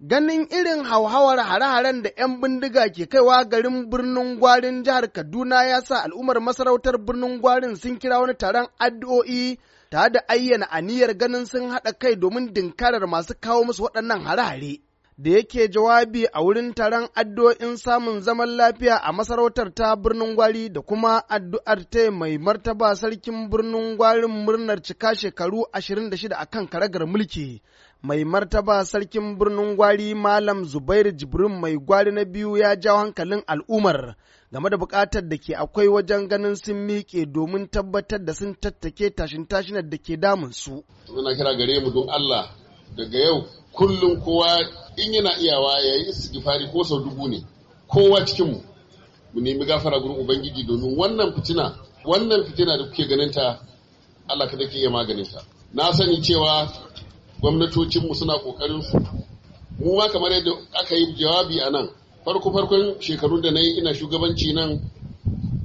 ganin irin hauhawar hare-haren da 'yan bindiga ke kaiwa garin birnin gwarin jihar kaduna ya sa al'ummar masarautar birnin gwarin sun kira wani taron addu'o'i tare da ayyana aniyar ganin sun haɗa kai domin dinkarar masu kawo musu waɗannan hare-hare da yake jawabi a wurin taron addu'o'in samun zaman lafiya a masarautar ta birnin gwari da kuma addu'ar ta mai martaba sarkin birnin gwarin murnar cika shekaru 26 akan karagar mulki mai martaba sarkin birnin gwari malam zubair jibrin mai gwari na biyu ya jawo hankalin al'ummar game da bukatar da ke akwai wajen ganin sun miƙe domin tabbatar da sun tattake tashin tashinar da ke damun su muna kira gare mu don allah daga yau kullum kowa in yana iyawa ya yi istighfari ko sau dubu ne kowa cikinmu mu nemi gafara gurin ubangiji domin wannan fitina wannan fitina da kuke ganinta allah kada ke iya maganinta na sani cewa gwamnatocinmu suna ƙoƙarin su mu ma kamar yadda aka yi jawabi a nan farko farkon shekarun da na yi ina shugabanci nan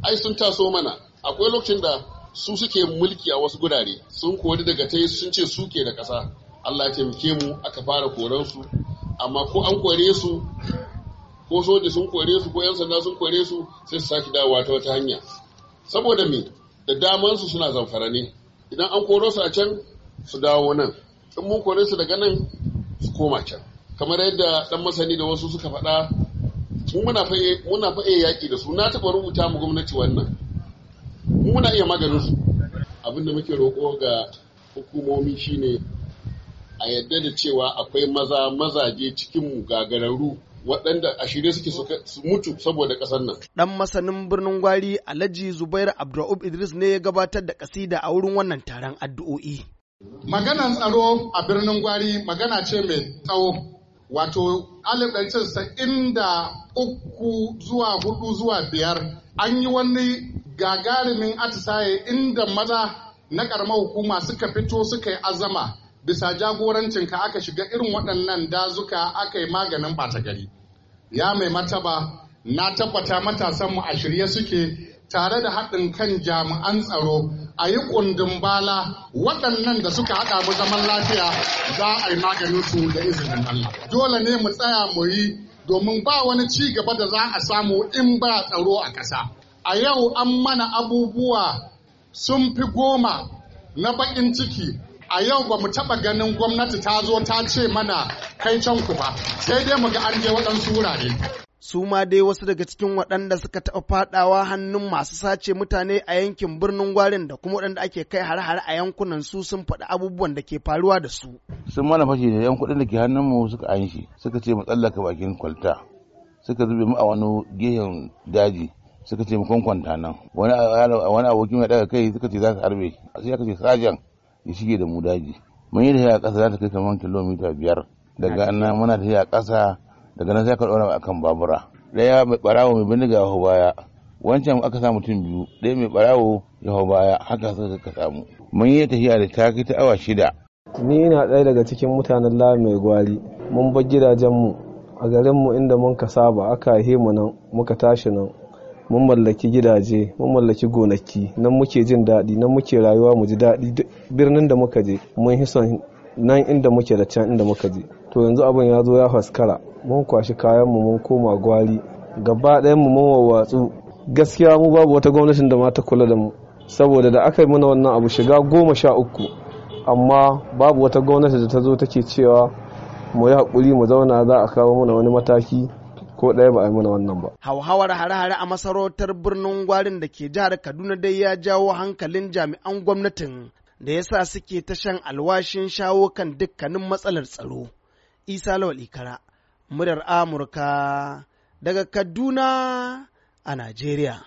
ai sun taso mana akwai lokacin da su suke mulki a wasu gurare sun kori daga ta yi sun ce su ke da ƙasa Allah ya taimake mu aka fara koran su amma ko an kore su ko soja sun kore su ko 'yan sanda sun kore su sai su sake dawowa ta wata hanya saboda me da damansu suna zamfara ne idan an koro su a can su dawo nan in mun kore su daga nan su koma can kamar yadda dan masani da wasu suka faɗa muna faye yaƙi da su na taɓa rubuta mu gwamnati wannan muna iya maganin su abinda muke roƙo ga hukumomi shine a yadda da cewa akwai maza mazaje cikin mu gagararru waɗanda a shirye suke su mutu saboda ƙasar nan. Ɗan masanin birnin gwari Alhaji Zubair Abdur'ub Idris ne ya gabatar da ƙasida a wurin wannan taron addu'o'i. Maganan tsaro a birnin Gwari magana ce mai tsawo. Wato alif ɗari da uku zuwa hudu zuwa biyar an yi wani gagarumin atisaye inda maza na ƙaramar hukuma suka fito suka yi azama bisa jagorancin ka aka shiga irin waɗannan dazuka aka yi maganin ɓata gari. Ya mai mataba na tabbata matasanmu a shirye suke tare da haɗin kan jami'an tsaro a yi kundin bala waɗannan da suka haɗa mu zaman lafiya za a yi maganin su da izinin Allah. Dole ne mu tsaya mu yi domin ba wani ci gaba da za a samu in ba tsaro a ƙasa. A yau an mana abubuwa sun fi goma na baƙin ciki a yau ba mu taɓa ganin gwamnati ta zo ta ce mana kai can ku ba sai dai mu ga an je waɗansu wurare. su ma dai wasu daga cikin waɗanda suka taɓa faɗawa hannun masu sace mutane a yankin birnin gwarin da kuma waɗanda ake kai har har a yankunan su sun faɗi abubuwan da ke faruwa da su. sun mana fashi da yan kuɗin da ke hannun mu suka an shi suka ce mu tsallaka bakin kwalta suka zube mu a wani gehen daji suka ce mu kwankwanta nan wani wani abokin ya daga kai suka ce za ka harbe sai aka ce sajan ya shige da mu daji mun yi da ya ƙasa za ta kai kamar kilomita biyar daga nan muna da ya ƙasa daga nan sai ka a akan babura daya mai barawo mai bindiga ya baya wancan aka samu mutum biyu daya mai barawo ya baya haka suka ka samu mun yi tafiya da ta ta awa shida ni ina ɗaya daga cikin mutanen lami mai gwari mun bar gidajenmu a garinmu inda mun ka saba aka haihe mu nan muka tashi nan mun mallaki gidaje mun mallaki gonaki nan muke jin daɗi nan muke rayuwa mu ji daɗi birnin da muka je mun hison nan inda muke da can inda muka je to yanzu abin ya zo ya faskara mun kwashi kayan mu mun koma gwari gaba ɗayan mu mun wawatsu gaskiya mu babu wata gwamnatin da ma ta kula da mu saboda da aka yi mana wannan abu shiga goma sha uku amma babu wata gwamnati da ta zo take cewa mu yi haƙuri mu zauna za a kawo mana wani mataki ko ɗaya ba a yi mana wannan ba. Hauhawar hare-hare a masarautar birnin gwarin da ke jihar Kaduna dai ya jawo hankalin jami'an gwamnatin da ya sa suke shan alwashin shawo kan dukkanin matsalar tsaro. isa lawal ikara muryar amurka daga kaduna a najeriya